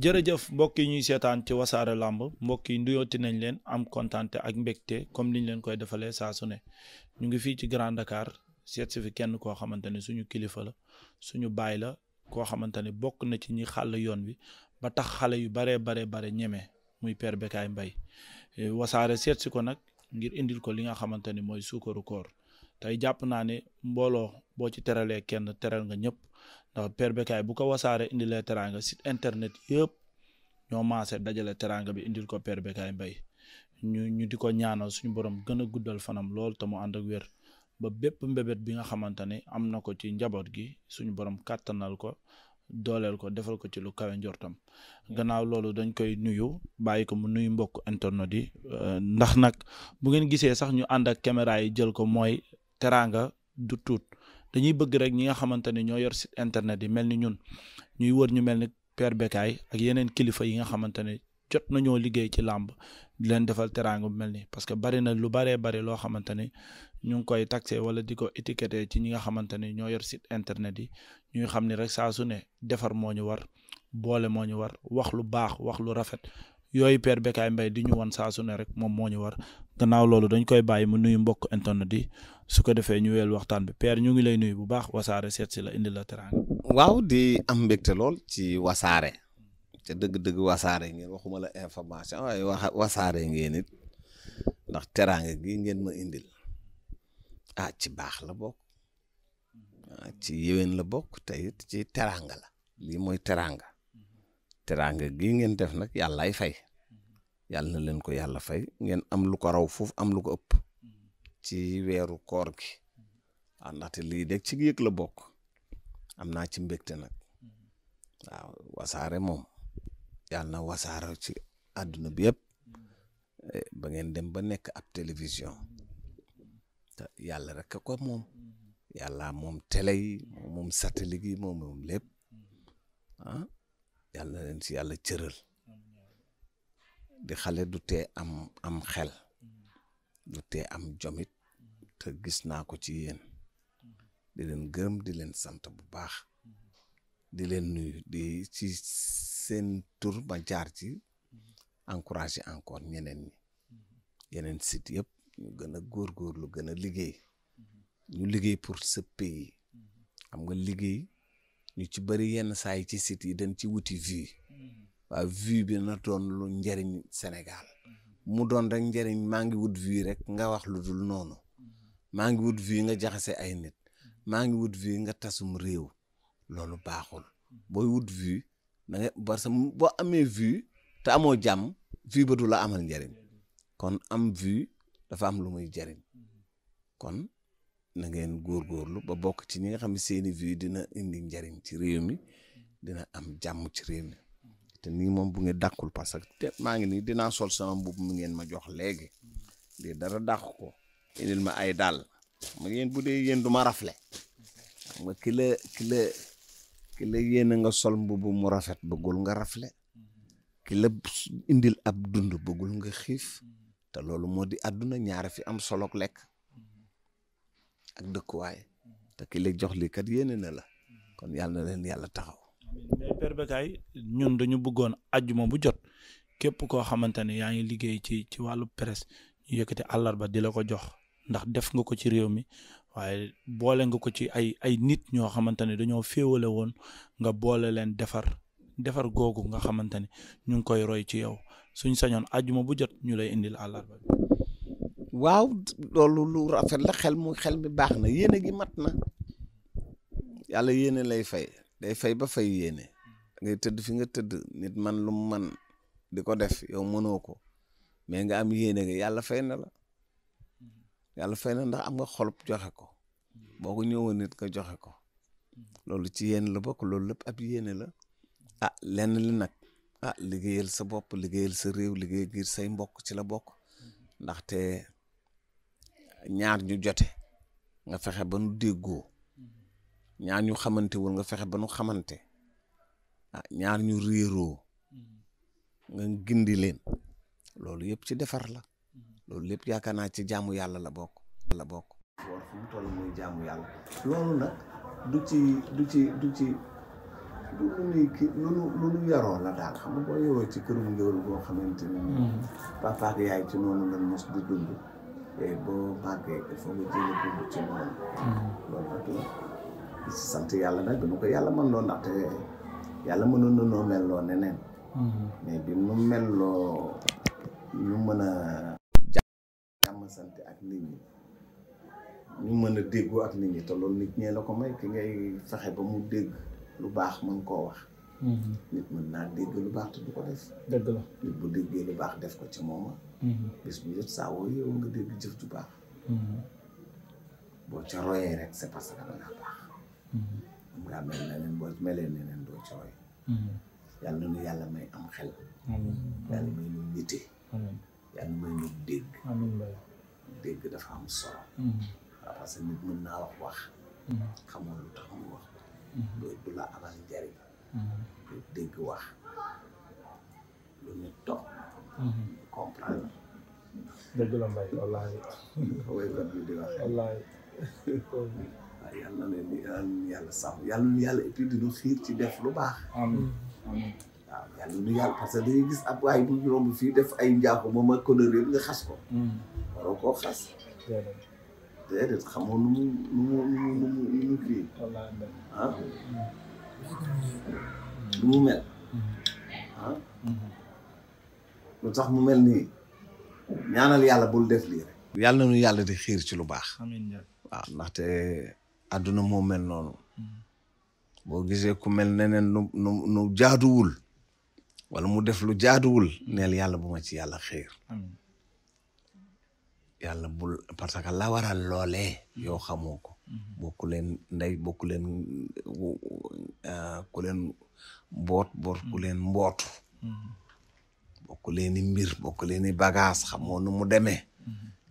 jërëjëf mbokk yi ñuy seetaan ci wasaare làmb mbokk yi nduyooti nañ leen am kontante ak mbégte comme liñ leen koy defalee saa su ne ñu ngi fii ci Grand Dakar seet fi kenn koo xamante ne suñu kilifa la suñu baay la koo xamante ne bokk na ci ñi xàll yoon bi ba tax xale yu baree bare bare ñeme muy perbekaay mbay Mbaye eh, wasaare seet ko nag ngir indil ko li nga xamante ni mooy suukaru koor tey jàpp naa ne mbooloo boo ci teralee kenn teral nga ñëpp ndax Père bu ko wasaare indilee teraanga site internet yëpp ñoo maase dajale teraanga bi indil ko Père Bécaye Mbaye ñu ñu di ko ñaanal suñu borom gën guddal fanam lool te mu ànd ak wér ba bépp mbébét bi nga xamante ne am na ko ci njaboot gi suñu borom kàttanal ko dooleel ko defal ko ci lu kawe njortam gannaaw loolu dañ koy nuyu bàyyi ko mu nuyu mbokk internet yi euh, ndax nag bu ngeen gisee sax ñu ànd ak caméra yi jël ko mooy teraanga du tuut dañuy bëgg rek ñi nga xamante ne ñoo yor site internet yi mel ni ñun Père Bécaye ak yeneen kilifa yi nga xamante ne jot nañoo liggéey ci làmb di leen defal teraanga bu mel nii parce que bari na lu baree bari loo xamante ni ñu ngi koy taxé wala di ko étiqueté ci ñi nga xamante ni ñoo yor site internet yi ñuy xam ni rek saa su ne defar moo ñu war boole moo ñu war wax lu baax wax lu rafet yooyu per Bécaye Mbaye di ñu wan saa su rek moom moo ñu war gannaaw loolu dañ koy bàyyi mu nuyu mbokk internet yi su ko defee ñu weel waxtaan bi Père ñu ngi lay nuyu bu baax wasaare seet si la indi la waaw di am mbégte lool ci wasaare ca dëgg-dëgg wasaare ngeen waxuma la information waaye wax wasaare ngeen ndax teraanga gi ngeen ma indil ah ci baax la bokk ah, ci yéwén la bokk te ci teraanga la lii mooy teraanga teraanga gi ngeen def nag yàllaay fay yàlla na leen ko yàlla fay ngeen am lu ko raw foofu am lu ko ëpp ci weeru koor gi ah ndaxte lii deg ci yëg la bokk am naa ci mbégte nag waaw wasaare moom yàlla na wasaare ci àdduna bi yëpp eh, ba ngeen dem ba nekk ab télévision te yàlla rek a ko moom yàlla moom télé yi moom satellite yi moom moom lépp ah na leen si yàlla cëral di xale du tee am am xel du am jomit te gis naa ko ci yéen di leen gërëm di leen sant bu baax mm-hmm. di leen nuyu di ci seen tur ba jaar ci mm-hmm. encouragé encore ñeneen ñi mm-hmm. yeneen sit yëpp ñu gën a lu gën a liggéey ñu liggéey pour ce pays xam nga liggéey ñu ci bëri yenn saa yi ci sit yi dañ ci wuti vue waaw vue bi na doon lu njëriñ Sénégal mu doon rek njëriñ maa ngi wut vue rek nga wax lu dul noonu maa wut vue nga jaxase ay nit maa ngi wut vue nga tasum réew loolu baaxul booy wut vue da nga parce que boo amee vue te amoo jàmm vue ba du la amal njariñ kon am vue dafa am lu muy jariñ kon na ngeen lu ba bokk ci ñi nga xam ne seeni vue dina indi njariñ ci réew mi dina am jàmm ci réew mi te nii moom bu ngeen dàqul parce que te maa ngi nii dinaa sol sama mbubb mi ngeen ma jox léegi lii dara dàq ko indil ma ay dàll ma yéen bu dee yéen du ma rafle xam nga ki la ki la nga sol mbubb mu rafet bëggul nga rafle kila indil ab dund bëggul nga xiif te loolu moo di àdduna ñaar fi am soloog lekk ak dëkkuwaay te ki la jox lii kat yéene na la kon yàlla na leen yàlla taxaw. mais Père Becaye ñun dañu bëggoon ajuma bu jot képp koo xamante ne yaa ngi liggéey ci ci wàllu presse ñu yëkkati àllarba ba la ko jox. ndax def nga ko ci réew mi waaye boole nga ko ci ay ay nit ñoo xamante ne dañoo féewale woon nga boole leen defar defar googu nga xamante ne ñu ngi koy roy ci yow suñ sañoon àjjuma bu jot ñu lay indil àllarba bi waaw lu rafet la xel mu xel mi baax na yéene gi mat na yàlla yéene lay fay day fay ba fay yéene ngay tëdd fi nga tëdd nit man lum man di ko def yow mënoo ko mais nga am yéene ga yàlla fay na la yàlla fay na ndax am nga xolub joxe ko boo ko ñëwoon nit nga joxe ko loolu ci yéen la bokk loolu lépp ab yéene la ah lenn li nag ah, liggéeyal sa bopp liggéeyal sa réew liggéey ngir say mbokk ci la bokk ndaxte ñaar ñu jote nga fexe ba nu déggoo ñaar ñu xamante wul nga fexe ba nu xamante ah ñaar ñu réeroo mm-hmm. nga gindi leen loolu yëpp ci defar la loolu lépp yaakaar naa ci jaamu yàlla la bokk la bokk woor fu mu toll muy jaamu yàlla loolu nag du ci du ci du ci du lu nu yaroo la daal xam boo yoroo ci kërum ngéwél boo xamante ni mm-hmm. papa ak yaay ci noonu lan mos di dund boo màggee il faut nga jële dund ci noonu mm-hmm. loolu nag la si sant yàlla nag yàlla mën loo ndaxte neneen mm-hmm. mais bi mu mel loo ñu a sante ak nit ñi ñu mën a déggoo ak nit ñi te loolu nit ñee la ko may ki ngay fexe ba mu dégg lu baax mën koo wax mhm. nit mën naa dégg lu baax te ko def dëgg la nit bu déggee lu baax def ko ci mooma mhm. bis bu jot saa woo yow nga dégg jëf ju baax mhm. boo ca royee rek c'est parce que da baax am neneen boo melee neneen doo ci nu yàlla may am xel yàlla may nu nite yàlla may nu dégg dégg dafa am solo waaw hmm. ah, parce que naa wax wax hmm. xamoon lu tax mu wax hmm. loolu du la wax lu nit toog comprendre dëgg la mbay wallaahi waykat bi di wax wallaahi waaw yàlla na leen yàlla sàmm yàlla yàlla et puis xiir ci def lu baax waaw yàlla du parce que dañuy gis ab waay bu ñu romb fii def ay njaaxu moom ak couleur yëpp nga xas ko. Mm. waroo koo xas. déedéet nu mu nu mu nu mu nu ah. mm. nu mu mel. Mm-hmm. ah. Mm-hmm. mu mel nii ñaanal yàlla bul def lii rek. yàlla na yàlla di xiir ci lu baax. amiin waaw ndaxte àdduna moo mel noonu. Mm. boo gisee ku mel neneen nu nu nu wala mu def lu jaaduwul neel yàlla bu ma ci yàlla xiir yàlla bul parce que la waral loole yoo xamoo ko mhm. bokku leen ndey bokku leen ah, ku leen mhm. mboot mhm. bokku leen i mbir bokku leen i bagage xamoo nu mu demee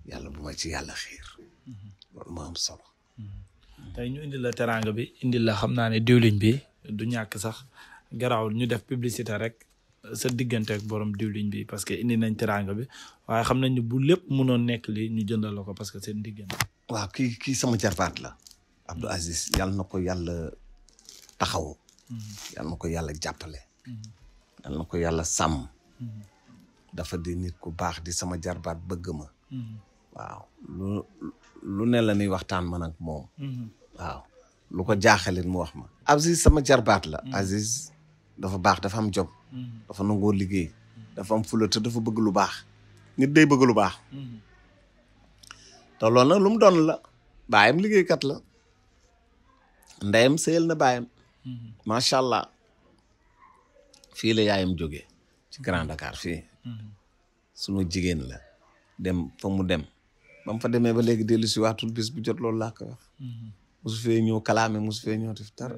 yàlla bu ma ci yàlla xiir loolu ma am solo tey ñu indi la bi indi xam naa ne diwliñ bi du ñàkk sax garawul ñu def publicité rek sa diggante ak borom diwliñ bi parce que indi nañ teraanga bi waaye xam nañ ne bu lépp mënoon nekk li ñu jëndal la ko parce que seen diggante. waaw kii kii sama jarbaat la. Abdou Aziz yàlla na ko yàlla taxaw. Mhm. yàlla na ko yàlla jàppale. Mhm. yàlla na ko yàlla sàmm. Mhm. dafa di ku baax di sama jarbaat bëgg ma. waaw ne la ñuy waxtaan man ak moom. waaw lu ko jaaxaleen mu wax ma. Aziz sama jarbaat la. Aziz dafa baax dafa am jom. Mm-hmm. dafa nangoo liggéey mm-hmm. dafa am fula te dafa bëgg lu baax nit day bëgg lu baax mm-hmm. te loolu na lu mu doon la baayam liggéeykat la ndeyam sëyal na baayam macha allah fii la yaayam jógee ci Grand Dakar fii sunu jigéen la dem fa mu dem ba mu fa demee ba léegi dellu si waatul bis bu jot loolu laa ko fee ñëw kalaame mosu fee ñëw def dara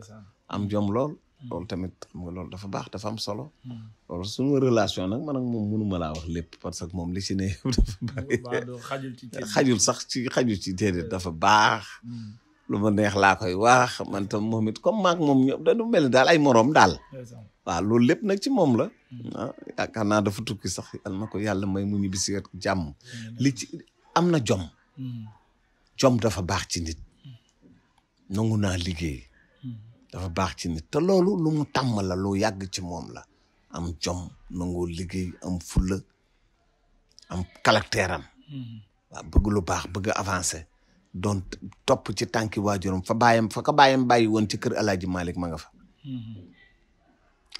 am jom lool loolu tamit xam loolu dafa baax dafa am solo. Hmm. loolu suñu relation nag man moom mënuma laa wax lépp parce que moom li ci ne xajul ci xajul sax ci xajul ci déedéet hmm. dafa baax. Hmm. lu ma neex laa koy wax man tam moom it comme maak moom ñoom mel ni daal ay moroom daal. waaw loolu lépp nag ci moom la. ah yaakaar naa dafa tukki sax yal na ko yàlla may mu ñibbisi jàmm. li ci am na jom. jom dafa baax ci nit. nangu liggéey. dafa baax ci nit te loolu lu mu tàmm lu yàgg ci moom la am jom nangoo liggéey am fulla am caractère am mm-hmm. bëgg lu baax bëgg avancer doon topp ci tànki waajuram fa bàyyam fa ka bàyyi woon ci kër alaaji Malick ma nga fa mm-hmm.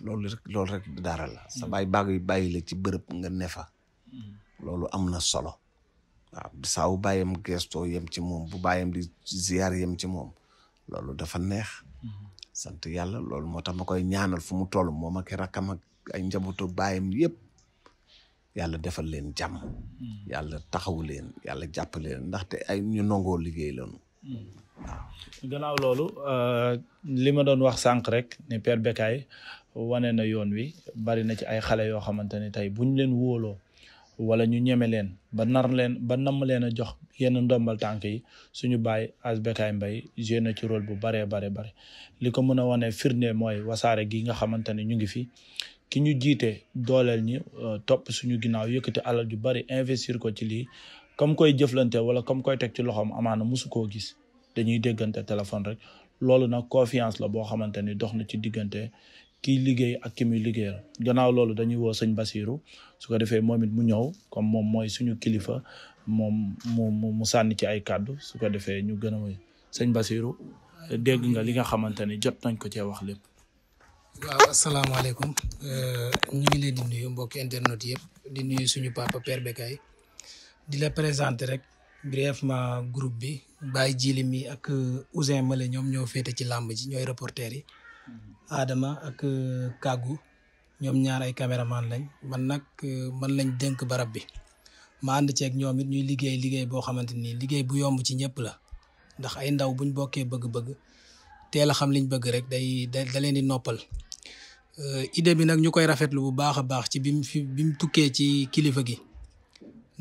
loolu rek loolu rek dara la sa mm-hmm. bàyyi bàyyi bàyyi la ci bërëb nga ne fa loolu am na solo waaw saa bu bàyyam gestoo yem ci moom bu bàyyam di ziar ci moom loolu dafa neex sant yàlla lool moo tax ma koy ñaanal fu mu tol moom ak rakkam ak ay njabootu baayam yëpp yàlla defal leen jàmm. Hmm. yàlla taxawu leen yàlla jàppale leen ndaxte ay ñu nangoo liggéey lañu. Hmm. waaw gannaaw loolu euh, li doon wax sànq rek ne Père Bécaye na yoon wi bari na ci ay xale yoo xamante ne buñ leen wóoloo. wala ñu ñeme leen ba nar leen ba namm leen a jox yenn ndombal tànk yi suñu bàyyi as Bécaye Mbaye joué na ci rôle bu baree bare bare li ko mën a wane firne mooy wasaare gi nga xamante ne ñu ngi fi ki ñu jiite dooleel ñi euh, topp suñu ginnaaw yëkkati alal ju bari investir ko ci lii comme koy jëflante wala comme koy teg ci loxoom amaana mosu koo gis dañuy déggante téléphone rek loolu nag confiance la boo xamante ni dox na ci diggante kiy liggéey ak ki muy liggéeyal gannaaw loolu dañuy woo sëñ Basiru su ko defee moom it mu ñëw comme moom mooy suñu kilifa moom mu mu sànni ci ay kàddu su ko defee ñu gën a muy sëñ Basiru dégg nga li nga xamante ne jot nañ ko cee wax lépp. waaw asalaamaaleykum euh, ñu ngi leen di nuyu mbokki internet yëpp di nuyu suñu papa Père Bécaye di la présenter rek brièvement groupe bi Baye Jili mi ak Ousin Male ñoom ñoo féete ci làmb ji ñooy reporter yi. Adama ak euh, kàggu ñoom ñaar ay caméraman lañ man nag euh, man lañ dénk barab bi ma ànd ceeg ñoom it ñuy liggéey liggéey boo xamante ni liggéey bu yomb ci ñëpp la ndax ay ndaw buñ bokkee bëgg-bëgg teel a xam liñ bëgg rek day da leen di noppal euh, idée bi nag ñu koy rafetlu bu baax a baax ci bi mu fi bi tukkee ci kilifa gi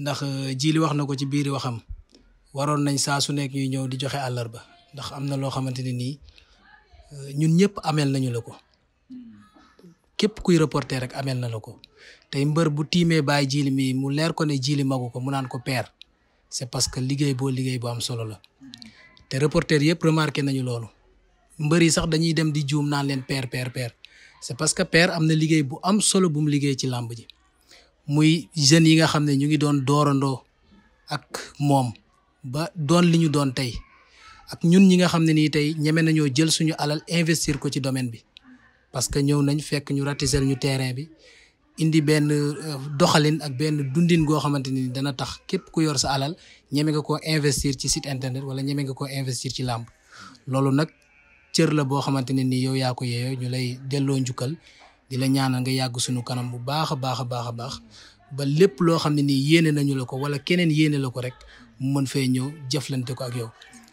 ndax jiili wax na ko ci biir waxam waroon nañ saa su nekk ñuy ñëw di joxe àllarba ndax am na loo xamante ne nii ñun ñëpp ameel nañu la ko képp kuy reporter rek ameel na la ko tey mbër bu tiimee bàyyi jiili mi mu leer ko ne jiili magu ko mu naan ko peer c'est parce que liggéey boo liggéey bu am solo la te reporter yëpp remarqué nañu loolu mbër yi sax dañuy dem di juum naan leen peer peer peer c'est que peer am na liggéey bu am solo bu mu liggéey ci làmb ji muy jeunes yi nga xam ne ñu ngi doon doorandoo ak moom ba doon li ñu doon tey ak ñun ñi nga xam ne nii tey ñeme nañoo jël suñu alal investir ko ci domaine bi parce que ñëw nañ fekk ñu ratisel ñu terrain bi indi benn euh, doxalin ak benn dundin goo xamante ni dana tax képp ku yor sa alal ñeme nga ko investir ci site internet wala ñeme nga ko investir ci làmb loolu nag cër la boo xamante ne nii yow yaaku ko yeeyoo ñu lay delloo njukkal di la ñaanal nga yàgg suñu kanam bu baax a baax a baax a baax ba lépp loo xam ne nii yéene nañu la ko wala keneen yéene la ko rek mën fee ñëw jëflante ko ak yow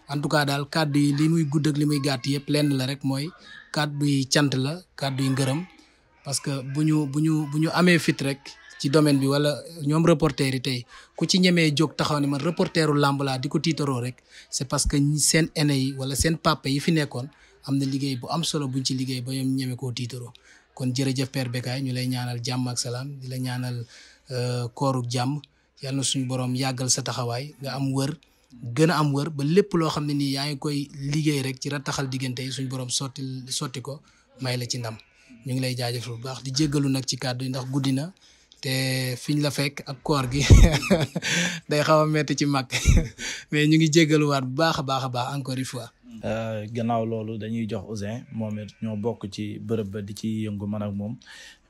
en tout cas daal kàddu yi li muy gudd ak li muy gàtt yëpp lenn la rek mooy kàddu yi cant la kàddu yi ngërëm parce que bu ñu bu ñu bu ñu amee fit rek ci domaine bi wala ñoom reporter yi tey ku ci ñemee jóg taxaw ne man reporteru làmb laa di ko tiitaroo rek c'est parce que seen aîné yi wala seen papa yi fi nekkoon am na liggéey bu am solo bu buñ ci liggéey ba ñu ñeme koo tiitaroo kon jërëjëf Père Bécaye ñu lay ñaanal jàmm ak salaam di la ñaanal euh, kooru jàmm yàlla suñu borom yàggal sa taxawaay nga am wër gën a am wër ba lépp loo xam ne nii yaa ngi koy liggéey rek ci rattaxal diggante yi suñu borom sotti sotti ko may la ci ndam ñu ngi lay jaajëfal bu baax di jéggalu nag ci kàddu yi ndax guddi na te fiñ la fekk ak koor gi day xaw a metti ci mag mais ñu ngi jéggaluwaat bu baax a baax a baax encore une fois. Euh, gannaaw loolu dañuy jox Ouzin moom it ñoo bokk ci bërëb ba di ci yëngu man ak moom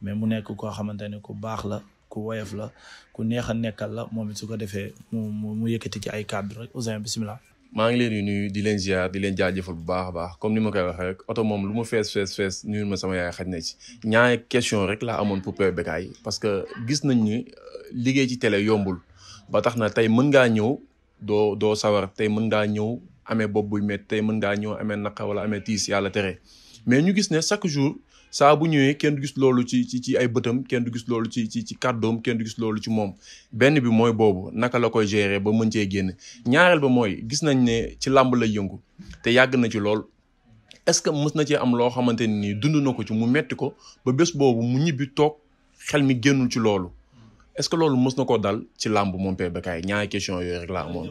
mais mu nekk koo xamante ne ku baax la. ku woyof la ku neex a nekkal la moom it su ko defee mu mu yëkkati ci ay kàddu rek Ouzin bisimilah. maa ngi leen di nuyu di leen ziar di leen jaajëfal bu baax a baax comme ni ma koy waxee rek oto moom lu ma fees fees nuyu ma sama yaay xaj na ci ñaari question rek laa amoon pour Père Bécaye parce que gis nañ ni euh, liggéey ci télé yombul ba tax na tey mën ngaa ñëw doo doo sawar tey mën ngaa ñëw amee bob buy métti tey mën ngaa ñëw amee naqa wala amee tiis yàlla tere saa bu ñëwee kenn du gis loolu ci ci ci ay bëtam kenn du gis loolu ci ci ci kàddoom kenn gis loolu ci moom benn bi mooy boobu naka la koy géeree ba mën cee génn ñaareel ba mooy gis nañ ne ci làmb lay yëngu te yàgg na ci lool est-ce que mës na cee am loo xamante ne nii dund na ko ci mu metti ko ba bés boobu mu ñibbi toog xel mi génnul ci loolu est-ce que loolu mës na koo dal ci làmb moom Père Becaye ñaari question yooyu rek laa amoon.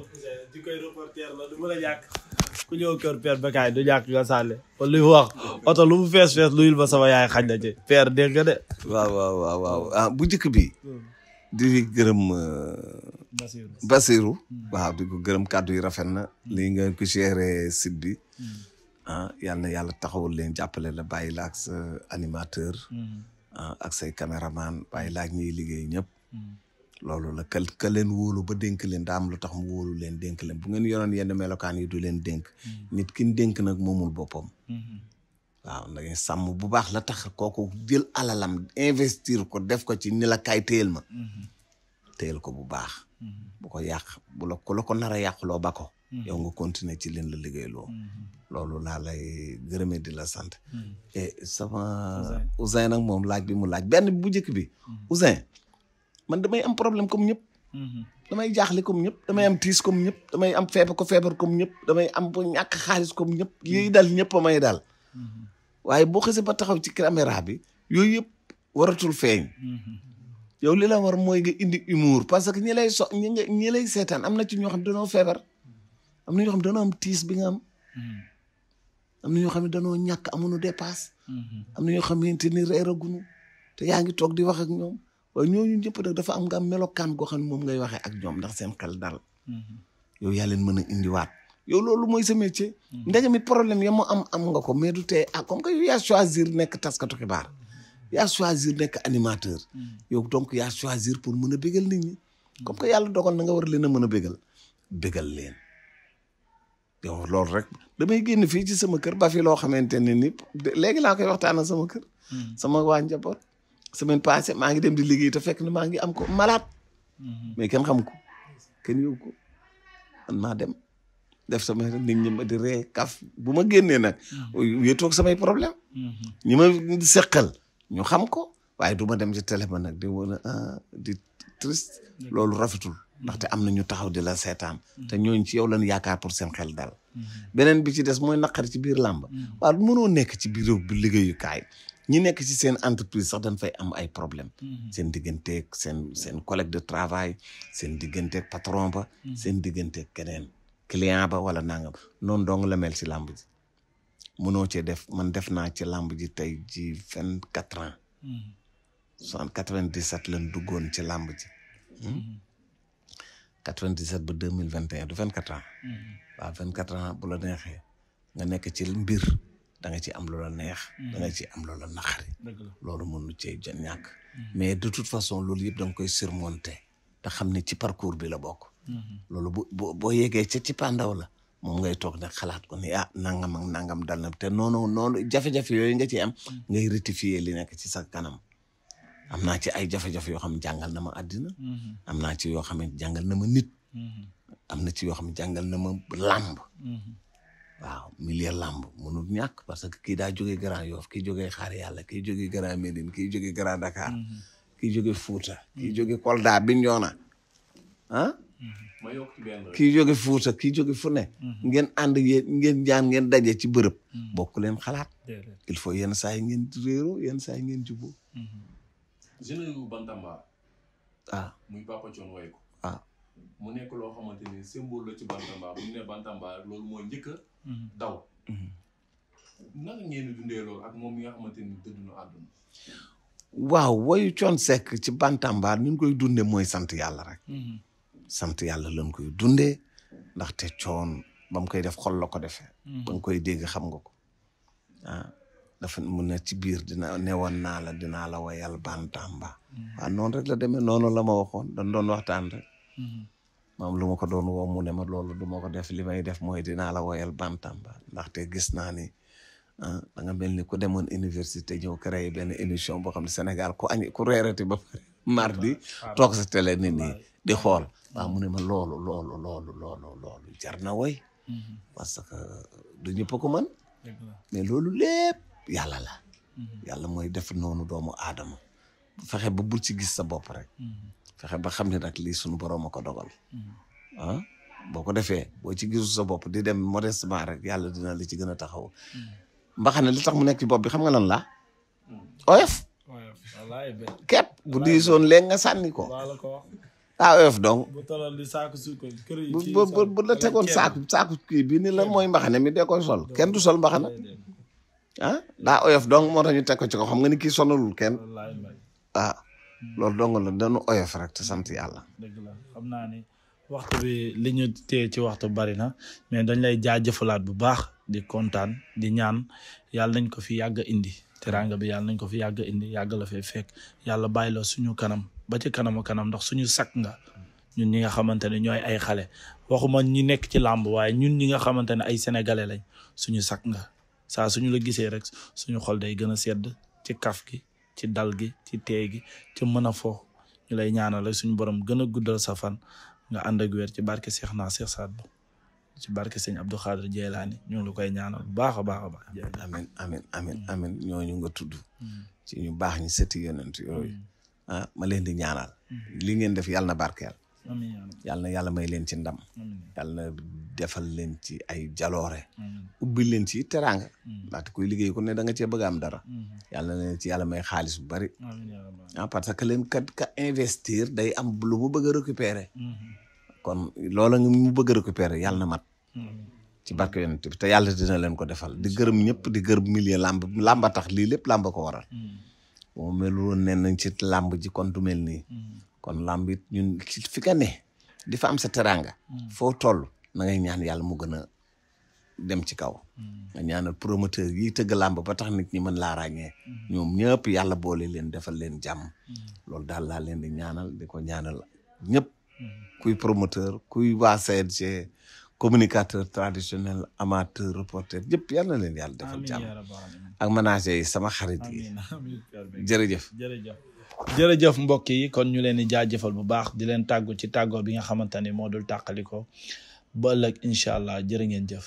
ku ñëw kër père Bécaye du ñàkk nga sànni kon li mu wax oto lu fees fees luyul ma yaay xañ na ci père dégg nga de. waaw waaw waaw ah, bu njëkk bi. Hmm. di gërëm. Euh, Basirou Basirou. Hmm. waaw di gërëm kàddu yi rafet na. Hmm. lii nga ko géré bi. ah yal na yàlla taxawul leen jàppale la bàyyi la animateur. ah ak say caméraman bàyyi la ak ñiy liggéey ñëpp. loolu la ka ka leen wóolu ba dénk leen daa am lu tax mu wóolu leen dénk leen bu ngeen yoroon yenn melokaan yi du leen denk hmm. nit ki dénk nag moomul boppam hmm. waaw da ngay sàmm bu baax la tax kooku jël alalam investir ko def ko ci ni la kaay téyel ma hmm. téyel ko bu baax bu ko yàq bu la ku la ko nar a yàquloo ba ko yow nga ci leen la liggéeyloo loolu laa lay gërëmee di la sant et eh, sama Ouzin nag moom laaj bi mu laaj benn bu njëkk bi Ouzin man damay am problème comme ñëpp. Mm-hmm. damay jaaxle comme ñëpp damay am tiis comme ñëpp damay am feebar ko feebar comme ñëpp damay am bu ñàkk xaalis comme ñëpp yooyu daal ñëpp may daal mm-hmm. waaye boo xasee ba taxaw ci caméra bi yooyu yëpp waratul feeñ mm-hmm. yow li la war mooy nga indi humour parce que ñi lay so ñi nga ñi seetaan am na ci ñoo xam ne danoo feebar am na ñoo xam ne danoo am tiis bi nga am am na ñoo xam ne danoo ñàkk amuñu dépasse am na ñoo xamante ni reeraguñu te yaa ngi toog di wax ak ñoom waaye ñooñu ñëpp nag dafa am nga am melokaan goo xam ne moom ngay waxee ak ñoom dax seen xel dal mm-hmm. yow yaa leen mën a indiwaat yow loolu mooy sa métier mm-hmm. ndaje mi problème ya mu am am nga ko mais du tee ah, comme que yow yaa choisir nekk taskatu xibaar mm-hmm. yaa choisir nekk animateur yow donc yaa choisir pour mën a bégal nit ñi comme que yàlla dogal na nga war leen a mën a bégal bégal leen yow loolu rek damay génn fii ci sama kër ba fi loo xamante ne ni léegi laa koy waxtaan ak sama kër sama waa njaboot semaine passée maa ngi dem di liggéey te fekk na maa am ko malade. Mhm. mais kenn xam ko kenn yow ko man dem def sama nit ñi ma bu ma génnee nag. Mhm. wéetoog samay problème mhm. ñi ma seqal ñu xam ko waaye du ma dem ci téléphone nag di wane ah, di triste loolu rafetul. ndaxte am na ñu taxaw di la seetaan. te ñooñ ci yow lan yaakaar pour seen xel dal. beneen bi ci des mooy naqari ci biir làmb. waaw mënoo nekk ci biir liggéeyukaay. ñi nekk ci seen entreprise sax dan fay am ay problème mhm. seen digganteeg seen seen collègue de travail seen digganteeg patron ba mhm. seen digganteeg keneen client ba wala nangam noonu dong la mel ci làmb ji noo cee def man def naa ci làmb ji tey ji vingt quatre ans mhm. soixante quatre vingt ci làmb ji hmm? quatre vingt ba deux mille vingt et un du vingt quatre ans waaw vingt bu la neexee nga nekk ci mbir da nga ci am loola neex. Mm-hmm. da nga ci am loola naqari. loolu mënu cee jën ñàkk. Mm-hmm. mais de toute façon loolu koy surmonter te xam ne ci parcours bi la bokk. Mm-hmm. loolu bu boo boo yeggee ca ci la moom ngay toog xalaat ko ni ah nangam ak nangam dal te noonu noonu jafe yooyu nga ci am. ngay rectifier li nekk ci sa kanam. am naa ci ay jafe yoo xam ne jàngal na ma àddina. am naa ci yoo xam ne jàngal na ma nit. am na ci yoo xam ne jàngal na ma làmb. waaw milliard làmb mënul ñàkk parce que kii daa jógee Grand Yoff kii jógee Xaar Yàlla kii jógee Grand Médine kii jógee Grand Dakar mhm. kii jóge Fuuta kii jóge Kolda Bignona ah mhm. ma kii jóge Fuuta kii jóge fu ne mhm. ngeen ànd yéen ngeen jaan ngeen daje ci bërëb bokk leen xalaat il faut yenn saa yi ngeen réeroo yenn saa yi ngeen juboo mu nekk loo xamante ni symbole la ci bantamba bu ñu nee loolu moo njëkk a mhm. daw. Mhm. naka ngeen di dundee loolu ak moom mi nga xamante ni àdduna. waaw woyu Thione Seck ci bantamba ni koy dundee mooy sant yàlla rek. Mhm. yàlla lañ koy dundee ndaxte Thione bam koy def xol la ko defee. ba koy dégg xam nga ko ah. dafa mun na ci biir dina newoon naa la dinaa la wayal bantamba. waaw noonu rek la demee noonu la ma waxoon dañ waxtaan rek. maam mm-hmm. lu ma ko doon woo mu ne ma loolu du ma ko def li may def mooy dinaa la woyal ba ndaxte gis naa ni ah, da nga mel ni ku demoon université ñëw créé benn émission boo xam ne Sénégal ku añ ku reerati ba pare mardi toog sa télé nit ñi di xool waaw mu ne ma loolu loolu loolu loolu jar na woy mm-hmm. parce que du ñëpp ko mën loolu lépp yàlla la mm-hmm. yàlla mooy def noonu doomu aadama fexe ba bul ci gis sa bopp rek. Mm-hmm. fexe ba xam ne nag lii sunu borom a ko dogal. Mm-hmm. Ah, boo ko defee boo ci gisu sa bopp di dem modestement rek yàlla dina la ci gën a taxaw. Mm-hmm. mbaxane li tax mu nekk ci bopp bi xam nga lan la oyof. képp bu di diisoon léeg nga sànni ko. ah oyof donc. bu tolloon saako suuf kër la tegoon saako saako kii bi ni la mooy mbaxane mi dee koy sol kenn du sol mbaxana ah daa oyof donc moo tax ñu teg ci ko xam nga ni kii sonalul kenn. ah loolu dong la dañu oyof rek te sant yàlla. dëgg la xam naa ne waxtu bi li ñu téye ci waxtu bari na mais dañ lay jaajëfalaat bu baax di kontaan di ñaan yàlla nañ ko fi yàgg indi teraanga bi yàlla nañ ko fi yàgg indi yàgg la fee fekk yàlla bàyyi la suñu kanam ba ci kanamu kanam ndax suñu sakk nga. ñun ñi nga xamante ne ñooy ay xale waxuma ñi nekk ci làmb waaye ñun ñi nga xamante ne ay sénégalais lañ suñu sakk nga saa su ñu la gisee rek suñu xol day gën a sedd ci kaf gi ci dal gi ci teey gi ci mën a fo ñu lay ñaanale suñu borom gën a guddal sa fan nga ànd ak ci barke Cheikh naa Cheikh saat Bou ci barke sëñ Abdou Khadir Jeylaani ñu ngi la koy ñaanal bu baax a baax a baax. amiin amiin amiin mm. amiin ñooñu nga tudd. Mm. ci ñu baax ñi sëti yonent yooyu. Mm. ah ma leen di ñaanal. li ngeen def yàlla na barkeel. yàlla na yàlla may leen ci ndam yàlla na defal leen ci ay jaloore ubbi leen ci teraanga ndaxte kuy liggéey ku ne da nga cee bëgg am dara yàlla na leen ci yàlla may xaalis bu bari ah parce que leen kat ka investir day am lu mu bëgg a mhm. kon loola nga mu bëgg a yàlla mat ci barke yonent bi te yàlla dina leen ko defal di gërëm ñëpp di gërëm milieu làmb làmba tax lii lépp làmba ko waral moo mhm. melu woon ne nañ ci làmb ji kon du nii mhm. kon làmb ñun fi ka ne di fa am sa teraanga. Mm. foo toll na ngay ñaan yàlla mu gën a dem ci kaw. Mm. nga ñaanal promoteur yi tëgg làmb ba tax nit ñi mën laa ràññee. Mm. ñoom ñëpp yàlla boole leen defal leen jàmm. loolu daal laa leen di ñaanal di ko ñaanal ñëpp. kuy promoteur kuy waa CNG communicateur traditionnel amateur reporter yëpp yal na leen yàlla defal jàmm. ak manager yi sama xarit yi. jërëjëf jërëjëf. jërëjëf mbokk yi kon ñu leen di jaajëfal bu baax di leen tàggu ci tàggoo bi nga xamante ni moo dul tàqaliko ba ëllëg incha allah jërë ngeen jëf